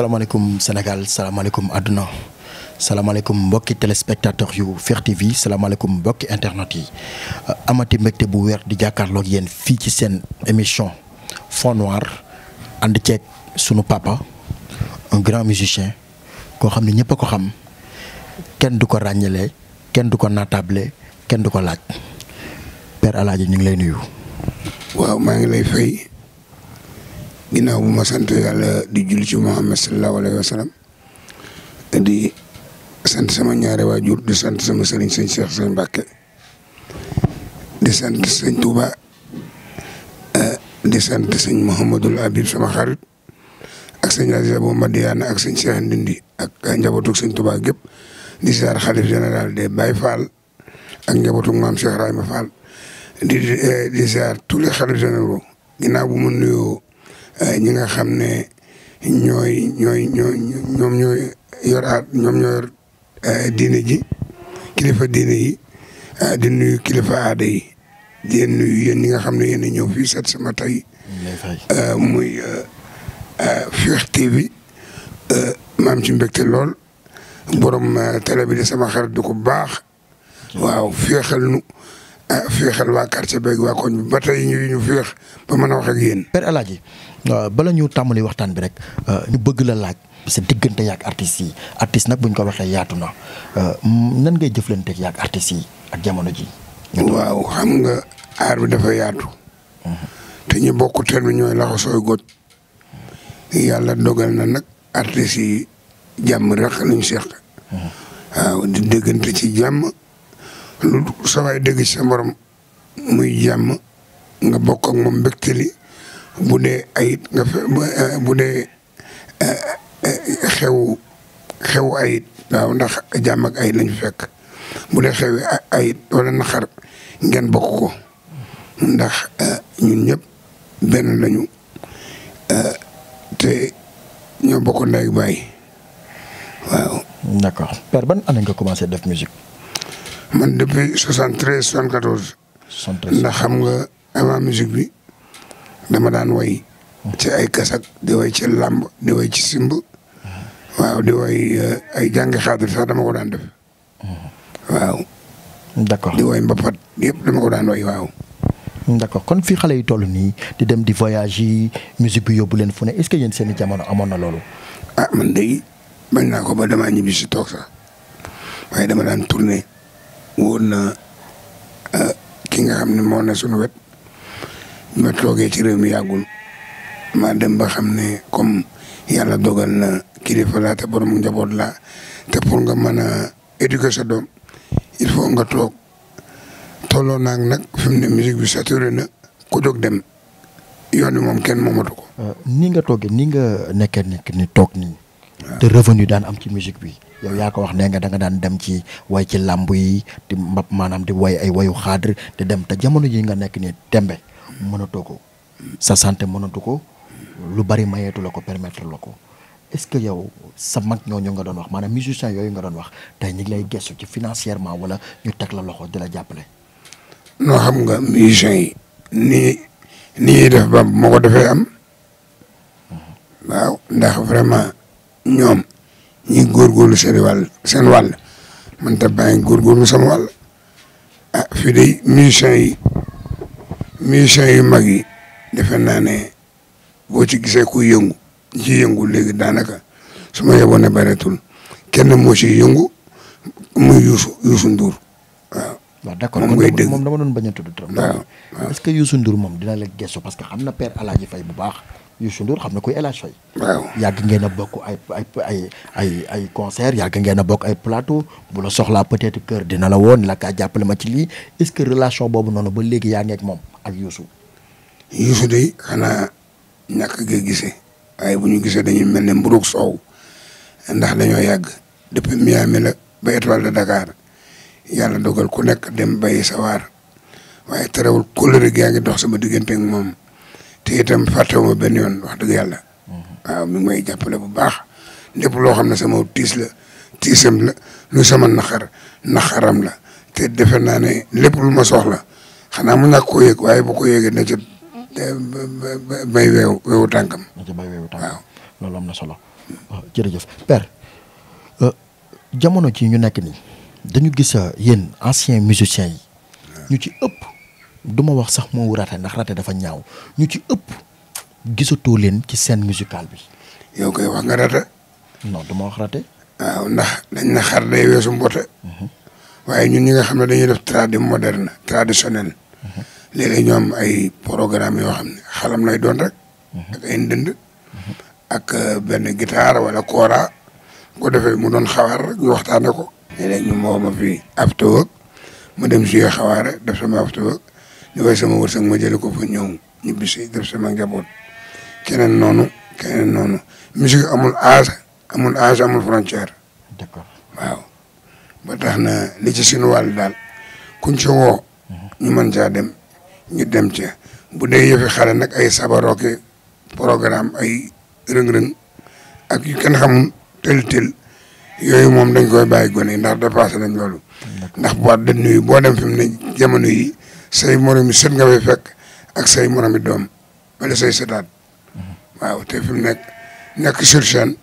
alaikum Sénégal Aduna, àdduna alaikum mbokki téléspectateur yu Fekh TV salaamaaleykum mbokki internet yi euh, amati mbégte bu weer di jàkkaarloog yéen fi ci seen émission Fond Noir ànd ceeg sunu papa un grand musicien ko xamni ñepp a ko xam kenn duko ragnalé, kenn du ko kenn laaj Père Aladji ñu ngi lay nuyu. waaw ma ngi lay fay. ginnaaw bu ma sant yàlla di julli ci Muhammad sallallahu alayhi wa sallam di sant sama ñaari waajur di sant sama sëriñ sëñ Cheikh sëñ Mbacke di sant sëñ Touba di sant sëñ Mouhamadul Habib sama xarit ak sëñ Aziz Abou Madiane ak sëñ Cheikh Ndindi ak njabootu sëñ Touba gépp di ziar xalif général des Baye Fall ak njabootu maam Cheikh Rahima Fall di eh, di ziar tous les xalif bu ma nuyoo Eh, ñi nga xam ne ñooy ñooy ñooy ñoom ñooy yor aat ñoom ñoo yor eh, diine ji kilifa diine yi eh, di nuyu kilifa aada yi di leen nuyu yéen ñi nga xam ne yéen ñëw fii seet sama tey muy Fekh TV maam ci mbégte lool borom télé bi sama xarit du ko baax waaw féexal nu féexal waa quartier beeg waa koñ bi ba tey ñu ñu ba mën a wax ak yéen. Père waaw euh, bala ñu tàmbali waxtaan bi rek euh, ñu bëgg la laaj sa diggante yaak artistes yi artiste nag bu ñu ko waxee yaatu na euh, nan ngay jëflanteeg yaak artistes yi ak jamono ji. waaw xam nga aar dafa yaatu. Mhm. ñu bokk bi ñooy laxa sooy goj na nag artistes yi jàmm rek lañ seq. Mhm. waaw di déggante ci jàmm lu sa waay ci sa morom muy jàmm nga bokk ak moom mbégte li bu dee ayit nga fe bu dee eh, eh, eh, xew xew ayit waaw ndax jàmm ak ayit lañu fekk bu dee xewi ayit wala xar ngeen bokk ko ndax ñu ñëpp benn lañu te ñoo bokk ndey baay waaw. d'accord père ban année nga commencé def musique. man depuis soixante treize soixante quatorze. ndax xam nga avant musique bi. dama daan way ci ay kassak di way ci lamb di way ci simbu waaw di way eh, ay jàngi xaadir sax dama ko daan def waaw d'accord di way mbapat yëpp dama ko daan way waaw d'accord kon fi xalé yi tollu ni di dem di yi musique bi yobul len fu ne est ce que yeen seen jamono amon na lolu ah man day bañ na ko ba dama ñibi ci tok sax waye dama daan tourner won na eh, ki nga xamne mo ne sunu wet ma toge ci rew mi yagul ma dem ba xamne comme yalla dogal na kilifa la te borom njabot la te pour nga meuna éduquer sa dom il faut nga tok tolo nak nak fimne musique bi saturé na ku dog dem yoni mom ken momatu ko. Euh, ni nga toge ni nga nekk nekkee ni tok ni te revenu dan am ci musique bi yow ya ko wax ne nga da nga dan dem ci way ci lamb yi di mbab maanaam di way ay wayu khadr di dem ta jamono yi nga nekk ni tembe monotoko, sa santé monotoko lu bari mayetu lako permettre lako est-ce que yow sa mag ñoo nga doon wax manam musicien yoy nga doon wax tay ñi lay gessu ci financièrement wala ñu tek la loxo dila jappalé no xam nga musicien ni ni def ba moko defé am. waaw ndax vraiment ñom ñi góorgóorlu seen wal sen wal man ta gor góorgóorlu sama wal ah fi de musicien mission yu mag yi defe naa ne boo ci gisee ku yëngu ci yëngu léegi daanaka su ma yeboo ne bareetul kenn moo ci yëngu muy Youssou Youssou Ndour waaw. waaw d' accord moom dama doon bañ a tudd trop. waaw est ce dina la gëstu parce que xam na père El Hadj Faye bu baax. yu sundur xamna koy El Hadj Faye waaw yàgg ngeen a bokk ay ay ay ay ay concert yag ngeena bokk ay plateau bu la soxla peut-être cœur dina la won la ka jàppale ma ci li est-ce que relation bobu nonu ba legui ya ngeeg mom ak Youssou Youssou de xana ñàkk ge gisee ay buñu ñu dañuy mel ne sow ndax dañu yag depuis Miami la ba étoile de Dakar yalla dogal ku nek dem bay sawar waye terewul kóllëre ngi dox sama diggante ak te itam fàttewuma benn yoon wax dëgg yàlla. waaw mi ngi may jàppale bu baax lépp loo xam ne sama tiis la tiisam la lu sama naxar naxaram la te defe naa ne lépp lu ma soxla xanaa mu ñàkk koo yëg waaye bu ko yëgee na ca eh, bay weewu weewu tànkam. na ca bay weewu tànkam loolu am na solo. jërëjëf père euh, jamono ji ñu nekk nii dañu gis euh, yéen anciens musiciens yi. ñu ci ëpp. du ma wax sax moo raté ndax raté dafa ñaaw ñu ci ëpp gisatoo leen ci scène musicale bi. yow koy wax nga raté. non du ma wax raté. waaw ndax dañ na xar day weesu mboote. Mhm. waaye ñun ñi nga xam ne dañuy def tradi moderne traditionnel. Mhm. léeg ñu am ay programme yoo xam ne xalam lay doon rek. Mhm. ak ndënd. Euh, ak benn guitare wala kora. ko defee mu doon xawaar rek ñu waxtaanee ko. léeg-léeg ñu moo ma fi ab tëwëg mu dem suy xawaare def sama ab tëwëg li koy sama wërsëg ma jëlee ko fa ñëw ñibbi si def sama njaboot keneen noonu keneen noonu musique amul âge amul âge amul frontière. d'accord waaw. ba tax na li ci suñu wàll daal kuñ ci woo. ñu mën caa dem ñu dem ca bu dee yëfi xale nag ay sabarooke programme ay rëng-rëng ak yu kenn xamul tël-tël yooyu moom dañ koy bàyyi gone ndax dépassé nañ loolu. ndax boîte de nuit boo dem fi mu ne jamono yi. say morom set sët nga fay fekk ak say morom dom wala say sëtaat waaw te fi nek nek nekk sur chaîne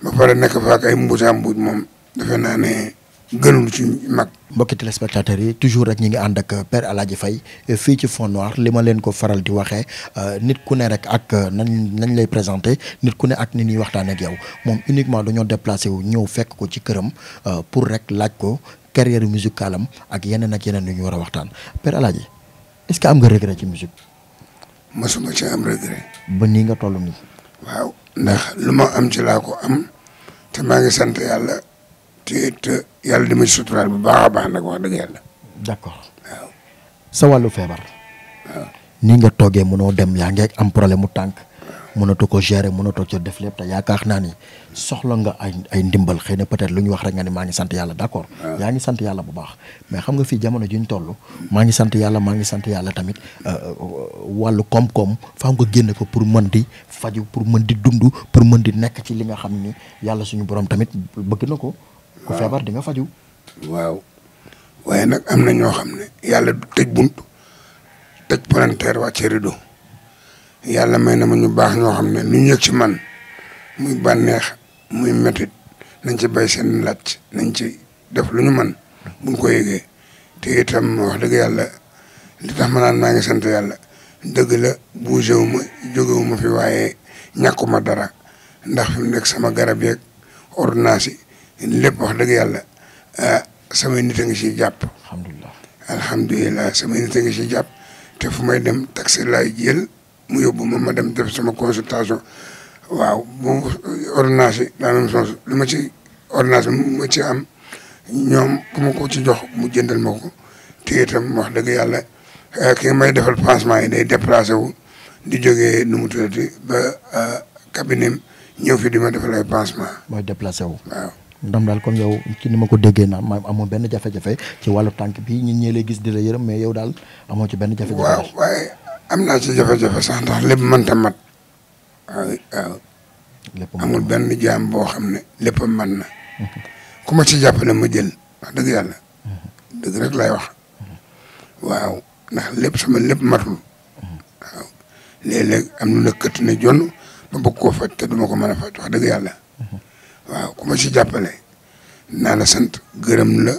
ba pare nekk fa ak ay mbuusa mbuuj moom defe naa ne gënul ci mag. mbokki téléspectateurs yi toujours rek ñi ngi ànd ak Père aladji Hadji Faye euh, fii ci Fond Noir li ma leen ko faral di waxee euh, nit ku ne rek ak euh, nañ nañ lay présenté nit ku ne ak ni ñuy waxtaan ak yow moom uniquement dañoo déplacé wu ñëw fekk ko ci këram pour rek laaj ko carrière musicale kaalam ak yeneen ak yeneen yu ñu war a waxtaan Père El Hadj est-ce que am nga regret ci musique. mosuma ci am regret. ba nii nga toll nii. waaw ndax lu ma am ci laa ko am te maa ngi sant yàlla te yàlla di ma suturaal bu baax a baax nag wax dëgg yàlla. d'accord waaw. sa wàllu feebar. waaw nga toogee mënoo dem yaa ngeek am problème mu tànk. mënatu ko gérer mënatoo ci def lepp ta yaakaar naa ni soxla nga ay ay ndimbal xeyna peut-être luñu wax rek nga ni maa ngi sant yàlla d'accord ya ngi sante yalla bu baax mais xam nga fi jamono juñ tollu maa ngi sant yàlla maa ngi tamit euh, euh, walu kom kom fa nga genn ko pour mën di faju pour mën di dundu pour mën di nek ci li nga xam ni suñu borom tamit bëgg nako ko ah. febar di nga faju waaw waye nak am na ñoo xam ne yàlla buntu tëj bunt tëj palanteer yàlla may na ma ñu baax ñoo xam ne lu ñu yëg ci man muy bànneex muy metit nañ ci bay seen laaj nañ ci def lu ñu man buñ ko yëgee te itam wax dëgg yàlla li ma naan maa ngi sant yàlla dëgg la bougé wu ma jóge fi waaye ñàkkuma dara ndax fi mu nekk sama garab yeeg ordonnance yi lépp wax dëgg yàlla ah, samay nit a ngi jàpp. alhamdulilah alhamdulilah samay jàpp te fu may dem si laay jël. mu yóbbu moom ma dem def sama consultation waaw bu ordonnance yi la lu ma ci ordonnance bi ma ci am ñoom ku ma ko ci jox mu jëndal ma ko te itam wax dëgg yàlla eh, ki nga may defal pansement yi day déplacé wu di jógee nu mu tuddati ba eh, cabinet ñëw fi di ma defal ay pansement mooy déplacé wu waaw ndam daal comme yow ci ni ma ko dëggee na ma amoo benn jafe-jafe ci wàllu tànk bi ñun ñee lay gis di la yërëm mais yow daal amoo ci benn jafe-jafe waaw am naa ci jafe-jafe sax ndax lépp mat waaw waaw. amul benn jaam boo xam ne lépp man na. ku ma ci jàppale ma jël wax dëgg yàlla. dëgg rek lay wax. waaw ndax lépp sama lépp matul. waaw léeg-léeg am lu la këtt ne jonn ma bëgg koo te duma ko mën a faj wax dëgg yàlla. waaw ku ma ci jàppale naa la sant gërëm la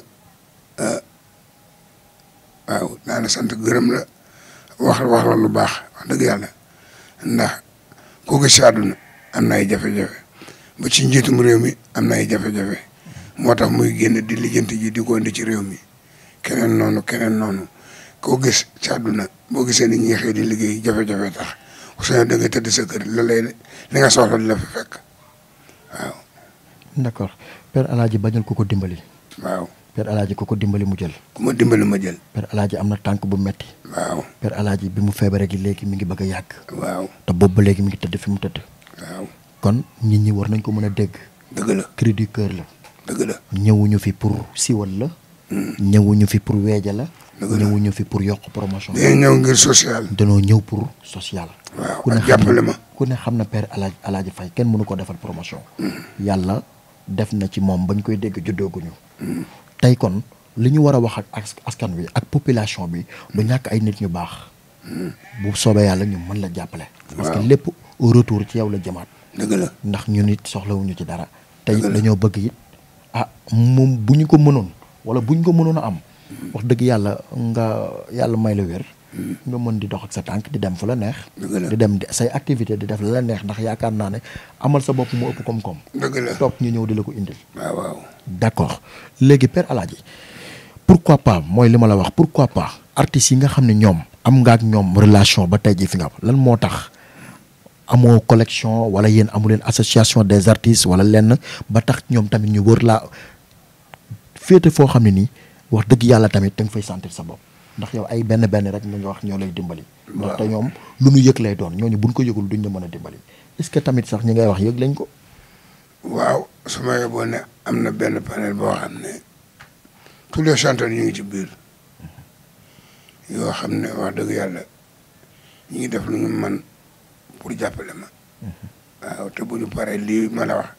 ah, waaw naa la sant gërëm la. wax wax la lu baax wax dëgg yàlla ndax koo gis si àdduna am na ay jafe-jafe ba ci njiitum réew mi am na ay jafe-jafe moo tax muy génn di lijjanti ji di ko indi ci réew mi keneen noonu keneen noonu koo gis ci àdduna boo gisee ni ñuy di liggéey jafe-jafe tax suñu da nga tëdd sa kër la lay nga soxla di la fa fekk waaw. d'accord Père El Hadji ku ko dimbali. waaw. Père Alaaji ku ko dimbali mu jël. ku ma dimbali ma jël. Père Alaaji am na tànk bu metti per Père bi mu feebaree gi léegi mi ngi bëgg a yàgg. te boobu ba léegi mi ngi tëdd fi mu tëdd. kon nit ñi war nañ ko mën a dégg. dëgg la ñëwuñu fi pour siwal la. Hmm. ñëwuñu fi pour weeja la. ñëwuñu fi pour yokk promotion. dañoo ñëw dañoo ñëw pour social. waaw ma ku ne xam na Père Alaaji Alaaji fay kenn mënu koo defal promotion. Hmm. yàlla def na ci moom bañ koy dégg juddooguñu hmm. tey kon li ñu war a wax ak askan wi ak population bi du ñàkk ay nit ñu baax bu soobee yàlla ñu mën la jàppale parce lépp retour ci yow la jëmaat ndax ñun it soxlawuñu ci dara tey dañoo bëgg it ah moom bu ñu ko mënoon wala bu ñu ko mënoon a am hmm. wax dëgg yàlla nga yàlla may la wér nga mën di dox ak sa tànk di dem fu la neex. di dem say activité di def la neex ndax yaakaar naa ne amal sa bopp mu ëpp koom-koom. dëgg toog ñu ñëw di la ko indi waaw waaw. d' accord léegi Père Alaaji pourquoi pas mooy li ma la wax pourquoi pas artistes yi nga xam ne ñoom am nga ak ñoom relation ba tey jii fi nga am lan moo tax. amoo collection wala yéen amu leen association des artistes wala lenn ba tax ñoom tamit ñu wër laa féete foo xam ne nii wax dëgg yàlla tamit da fay sentir sa bopp. ndax yow ay benn benn rek ñu ngi wax ñoo lay dimbali. ndax te ñoom lu ñu yëg lay doon ñooñu buñ ko yëgul duñ ñu mën a dimbali est-ce que tamit sax ñi ngay wax yëg lañ ko. waaw su ma yeboo am na benn panel boo xam ne tous les ñu ngi ci biir yoo xam ne wax dëgg yàlla ñu ngi def lu ñu man pour jàppale ma. Mm-hmm. waaw te bu ñu paree lii ma la wax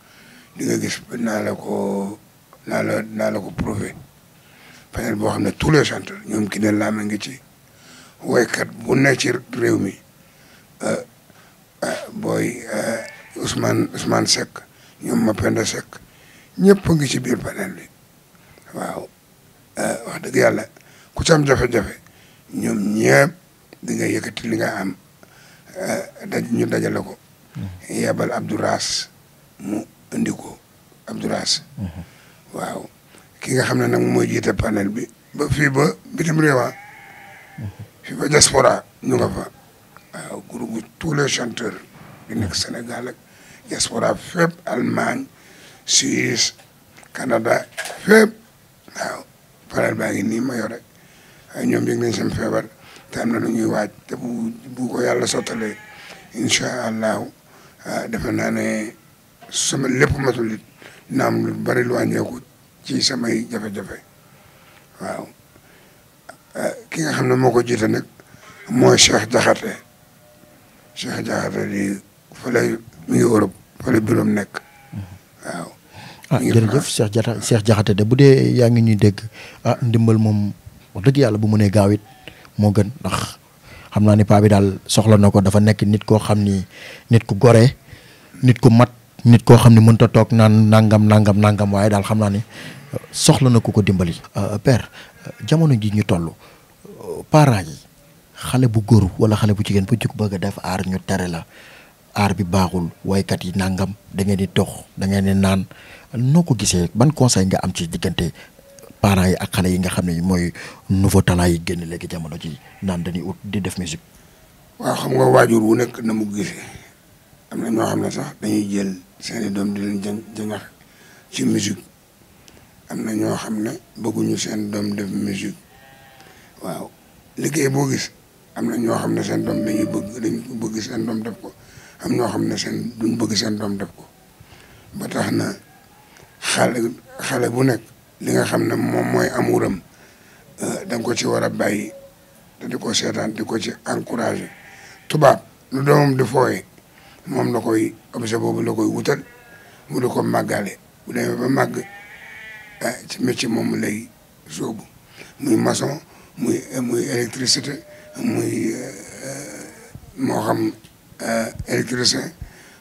di gis naa la ko naa la naa la ko prouvé. panel boo xam ne tous les chanteurs ñoom ki ne laame ngi ci woykat bu na ci réew mi euh, euh, booy euh, Ousmane Ousmane Seck ñoom Mapenda Seck ñëpp ngi ci biir panel bi waaw wax dëgg yàlla ku ci am jafe-jafe ñoom ñëpp di nga yëkkati li nga am daj ñu dajale ko mm-hmm. yebal Abdou Raas mu indi ko Abdou mm-hmm. waaw ki nga xam na ne nag mooy jiite panel bi ba fii ba bitim réewa ah. fii ba diaspora ñu nga fa waaw groupe tous les chanteurs yu nekk Sénégal ak diaspora fépp Allemagne Suisse Canada fépp waaw panel baa ngi nii ma yore waaye ñoom yëg nañ seen feebar te am na lu ñuy waaj te bu bu yàlla sottalee incha allahu ah, def naa ne sama lépp matul it naam lu bari lu wàññeeku ci samay jafe-jafe waaw eh, ki nga xam ne moo ko jiite nag mooy Cheikh Jaxate Cheikh Jaxate di fële mi ngi Europe fële bureau nekk waaw. ah jërëjëf Cheikh Jaxate de bu dee yaa ngi ñuy dégg ah ndimbal moom wax dëgg yàlla bu mënee gaaw it moo gën ndax xam naa ni paa bi daal soxla na ko dafa nekk nit koo xam ni nit ku gore nit ku mat. nit ko xamni ne mënta tok nan nangam nangam nangam waaye dal xamna ni euh, soxla na ko ko dimbali. Euh, père euh, jamono ji ñu tollu parents yi xalé bu góor wala xalé bu jigen bu juk bëgg def ar ñu téré la ar bi baaxul kat yi nangam da ngeen di tox da ngeen di nan noko gisé ban conseil nga am ci digënté parents yi ak xalé yi nga xamni moy nouveau talent yi gën légui jamono ji nan dañuy ut di def musique. wa xam nga wajur wu nek na mu gisé amna ñoo sax dañuy jël. seeni doom di leen jàng jàngal ci musique am na ñoo xam ne bëgguñu seen doom def musique waaw liggéey boo gis am na ñoo xam ne seen doom dañuy bëgg dañ bëgg seen doom def ko am ñoo xam ne seen duñ bëgg seen doom def ko ba tax na xale bu nekk li nga xam ne moom mooy amuram euh, da nga ko ci war a bàyyi te di ko seetaan di ko ci encouragé tubaab lu doomam di moom la koy objet boobu la koy wutal mu di ko màggale bu demee ba màgg ah, ci métier moom lay sóobu muy maçon muy muy électricité muy eh, moo xam eh, électricien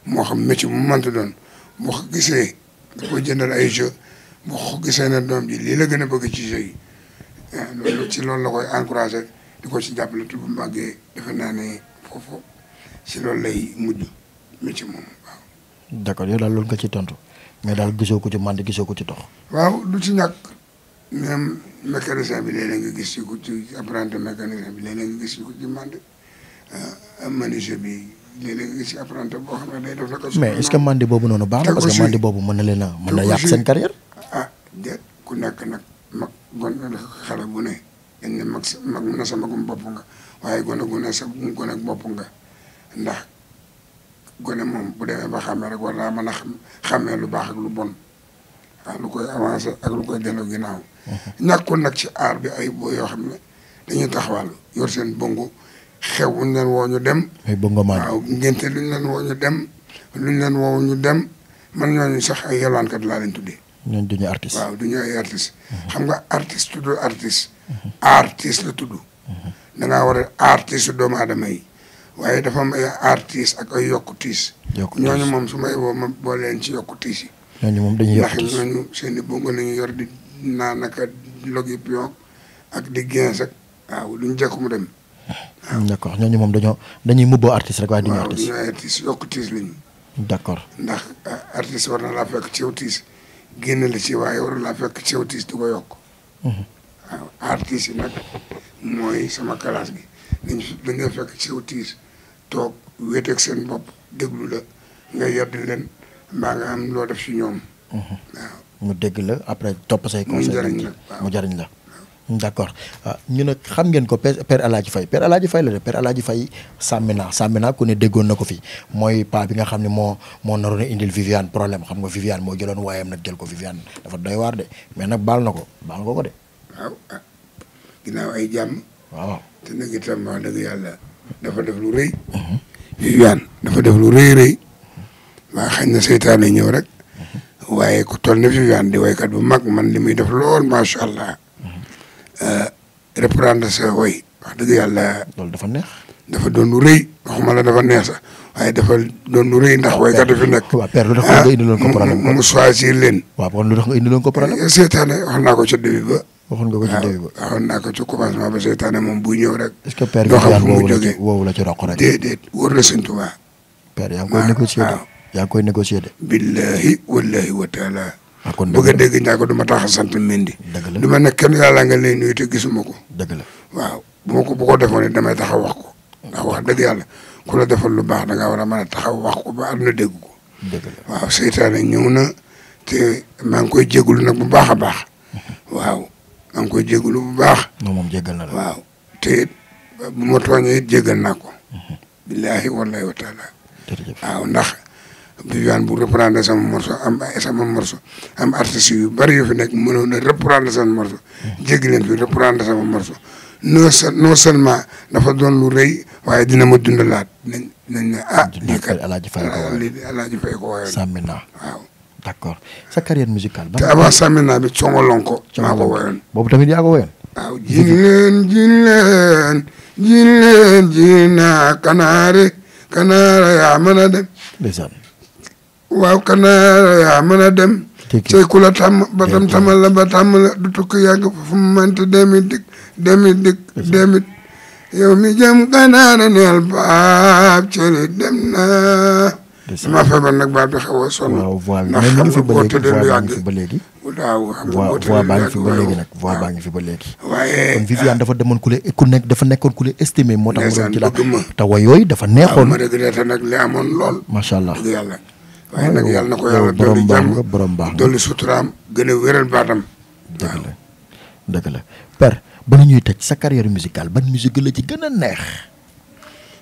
moo xam métier mu mënta doon boo ko gisee da koy jëndal ay jeu boo ko gisee na doom ji lii la gën a bëgg ci jeu yi ah, loolu ci loolu la koy encouragé di ko ci jàppale te bu màggee defe naa ne foofu ci loolu lay mujj mi ci moom waaw. loolu nga ci tontu mais daal gisoo ko ci mànd gisoo ko ci tox. waaw lu ci ñàkk. même mécanicien bi léeg-léeg nga gis ci ku ci apprenti bi léeg-léeg nga gis ci ku ci euh, bi léeg-léeg nga gis ci apprenti boo xam ne day def la. mais est ce que mànd boobu noonu baax na. parce que mànd boobu mën na leen a mën na seen carrière. Ah, ku nekk nag mag gon xale bu ne. dañ ne mag sa mag na sa magum bopp nga waaye gone gu ne sa gone bopp nga ndax. gone moom bu dee ba xàmmee rek war naa mën a xam xàmmee lu baax ak lu bon waaw lu koy avancé ak lu koy delloo ginnaaw. Mhm. ñàkkul nag ci aar bi ay boo yoo xam ne dañuy taxawal yor seen bongo xew wuñ leen woo ñu dem. ay bongo maa waaw leen woo ñu dem luñ leen woo ñu dem man ñooñu sax ay yalwaankat laa leen tuddee. ñooñu du artiste. waaw duñu ay artiste. Mhm. xam nga artiste tudd artiste. Mhm. artiste la tudd. da ngaa war a artiste doomu aadama yi. waaye dafa am ay aar ak ay yokku tiis. yokku tiis ñooñu moom su ma yeboo ma boo ci yokku tiis yi. ñooñu moom dañuy yokku tiis ndax ñooñu seen i bëngo nañu yor di naan ak logi pion ak di gens ak waaw duñ jekku mu dem. waaw hmm. d' accord ñooñu moom dañoo dañuy mubboo artiste rek waaye duñu artiste. waaw tiis lañu. d' accord ndax ah, artiste war na laa fekk ceew tiis génn la si waaye war na laa fekk ceew tiis du ko yokk. Hmm. waaw artiste yi nag mooy sama kalaas gi. nañ dañ leen fekk ci tiis toog wéeteeg seen bopp déglu la nga yedd leen mbaa nga am loo def ci ñoom. Mhm. waaw ñu dégg la après topp say conseil mu jariñ la d' ah, ñu ne xam ngeen ko père Alaaji Faye per Alaaji fay la de père Alaaji Faye Samina Samina ku ne déggoon na ko fi mooy paa bi nga xam ne moo moo naroon ne indil Viviane problème xam nga Viviane moo jëloon waayam nag jël ko Viviane dafa doy waar de mais nag baal na ko baal nga ko de. waaw ah ginnaaw waaw te nag itam wax dëgg yàlla dafa def lu rëy. Viviane dafa def lu rëy rëy. maa xañ na seytaane ñëw rek. waaye ku toll ne Viviane di waykat bu mag man li muy def lool macha allah. Eh, reprendre sa way wax dëgg yàlla. loolu dafa neex. dafa doon lu rëy waxuma la dafa neex sax waaye dafa doon lu rëy ndax waykat dafa nekk. waaw père lu tax nga ah, indiloon ko problème mu mu choisir leen. waaw kon lu tax nga indiloon ko problème. Eh, seytaane wax naa ko ci début ba. waxoon nga ko ci début ba waaw waxoon naa ko ci commencement ba seytaane moom buy ñëw rek. est-ce que père bi woowu la ci roq rek déedéet wóor na sëñ Tuubaa. père yaa koy négocier de billahi wallahi wa taala. ah kon dëgg la bëgg a dégg ñaa ko du ma tax a sant Mendy. dëgg la du ma nekk kenn yàlla nga lay nuyu te gisuma ko. dëgg la waaw bu ma ko bu ko defoon damay taxaw wax ko. ndax wax dëgg yàlla ku la defal lu baax da ngaa war a mën a taxaw ko ba àdduna dégg ko. dëgg la waaw seytaane ñëw na te maa ngi koy jégalu nag bu baax a baax. Mhm. maa ngi koy jégalu bu baax. moom moom jégal na la waaw. te it bu ma tooñee it jégal na ko. Mhm. billaahi wallaahi wa waaw ndax. Viviane bu reprendre sama morceau am sama morceau am artistes yu bari yu fi nekk mënoon na reprendre sama morceau. Mhm. jéggi leen fi reprendre sama morceau. non non seulement dafa doon lu rëy waaye dina ma dundalaat nañ nañ ne ah. lii kat Alaaji Faye ko ah, waaye Alaaji Faye naa waaw. d' accord sa carrière musicale. te avant Samina bi Congolonko. maa ko woyoon boobu tamit yaa ko woyoon. waaw jin leen jin leen jin leen jin naa kanaare kanaara yaa mën a dem. ndeysaan. waaw kanaara yaa mën a dem. tey ku la tàmm ba tam tamal la ba tàmm la du tukki yàgg fu mu mënti demit dikk demit dikk demit yow mi jëm kanaara neel baab cëli dem naa. damaa feebar nag baat bi xaw a sonn. waaw voix bi mais mu ngi fi ba léegi voix baa ngi fi ba léegi. waaw xam nga boo tëddee lu yàgg waaw voix baa ngi fi ba léegi nag. waaye kon Viviane dafa demoon ku la ku nekk dafa nekkoon ku la estimé moo tax. mu doon ci la te wa yooyu dafa neexoon. ma regretté nag li amoon lool. macha allah dëgg yàlla. waaye nag yàlla na ko yàlla dolli jàmm borom baax dolli suturaam gën a wéral baatam. dëgg la dëgg la père ba la ñuy tëj sa carrière musicale ban musique la ci gën a neex.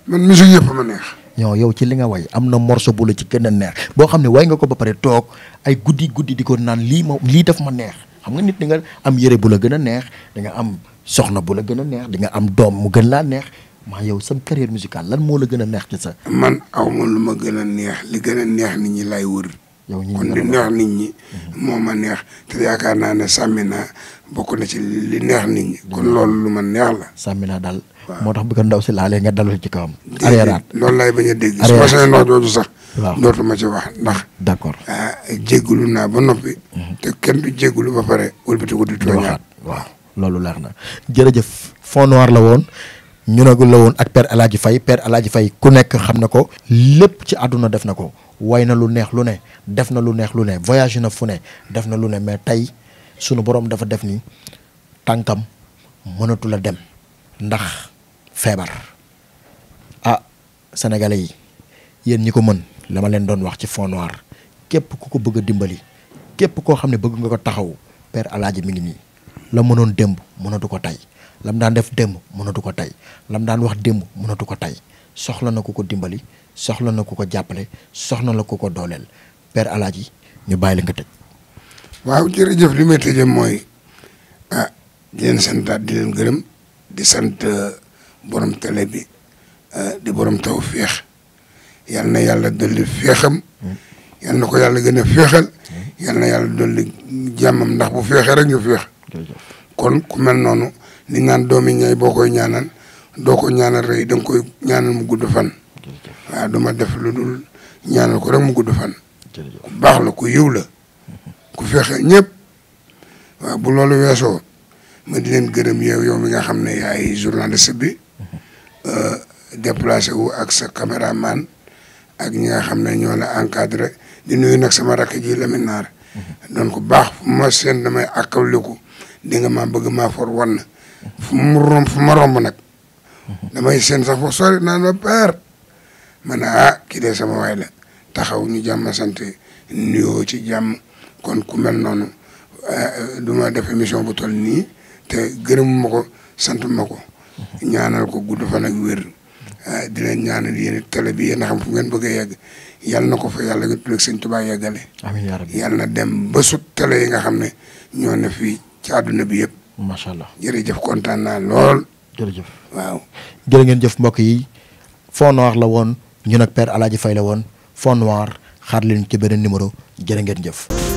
man musique yëpp ma neex ñoo yow ci li nga way am na morceau bu la ci gën a neex boo xam ne way nga ko ba pare toog ay guddi guddi di ko naan lii ma lii daf ma neex xam nga nit di nga am yére bu la gën a neex di am soxna bu la gën a neex di am doom mu gën laa neex maa yow sam carrière musicale lan moo la gën a neex ci sax man aw ma lu ma gën a neex li gën a neex nit ñi lay wër. yow ñu kon li neex nit ñi. Mhm. moom ma neex te yaakaar naa ne sàmmi naa bokk na ci li neex nit ñi. kon mhm. loolu lu ma neex la. sàmmi naa daal moo tax bu ndaw si laalee nga dalul ci kawam. arriéraat loolu laay bañ a dégg. arriéraat su ma seen wax jooju sax. waaw dootuma ci wax ndax. d' accord ah, jégalu naa ba noppi. Mhm. te kenn du jégalu ba pare wëlbatiku di tooñaat waaw loolu leer na jërëjëf fond noir la woon. ñu nagu la woon ak Père El fay per Père fay ku nekk xam na ko lépp ci àdduna def na ko way na lu neex lu ne def na lu neex lu ne voyage na fu ne def na lu ne mais tey sunu boroom dafa def ni tànkam mënatu la dem febar ah sénégalais yi yeen ñiko mën la ma leen doon wax ci fond noir képp ku ko bëgg dimbali képp ko xamné bëgg nga ko taxaw père aladji mi ngi ni la mënon demb mënatu ko tay lam daan def demb mënatu ko tay lam daan wax demb mënatu ko tay soxla na ku ko dimbali soxla na ku ko jàppale soxla na ku ko père aladji ñu bayil nga tej waaw jërëjëf li may tëjee moy ah di sante di borom télé bi euh, di borom taw féex yal na yàlla dolli féexam. yal na ko yàlla gën a féexal. na yàlla dolli jàmmam ndax bu féexee rek ñu féex. kon ku mel noonu ni naan doomi ñay boo koy ñaanal doo ko ñaanal rëy da koy ñaanal mu gudd fan. waaw duma def lu dul ñaanal ko rek mu gudd fan. ku baax la ku yiw la. ku fexe ñëpp. waaw bu loolu weesoo ma di leen gërëm yow yow mi nga xam ne yaay journaliste Euh, déplacé wu ak sa caméraman ak ñi nga xam ne ñoo la encadré di nuyu nak sama rakk ji Lamine Naar mhm. doon ko baax fu ma seen damay akkawliku di nga maa bëgg maa for wan fu mu romb fu ma romb nag mhm. damay seen sax fo sori naan ma père ma ne ah kii sama waay la taxaw ñu jàmm sant nuyoo ci jàmm kon ku mel noonu euh, du ma def émission bu toll nii te gërëm ko sant ko ñaanal ko gudd fa nag wér ah, di leen ñaanal yéen télé bi yéen a xam fu ngeen bëgg a yegg yàlla na ko fa yàlla nga tudd ak sëñ Tuubaa yeggale. amiin yaa rabbi na dem ba sut tele yi nga xam ne ñoo ne fii ci àdduna bi yëpp. macha allah jërëjëf kontaan naa lool. jërëjëf waaw. jërë ngeen jëf mbokk yi fond noir la woon ñun ak père El fay Faye la woon fond noir xaar leen ci beneen numéro jërë ngeen jëf.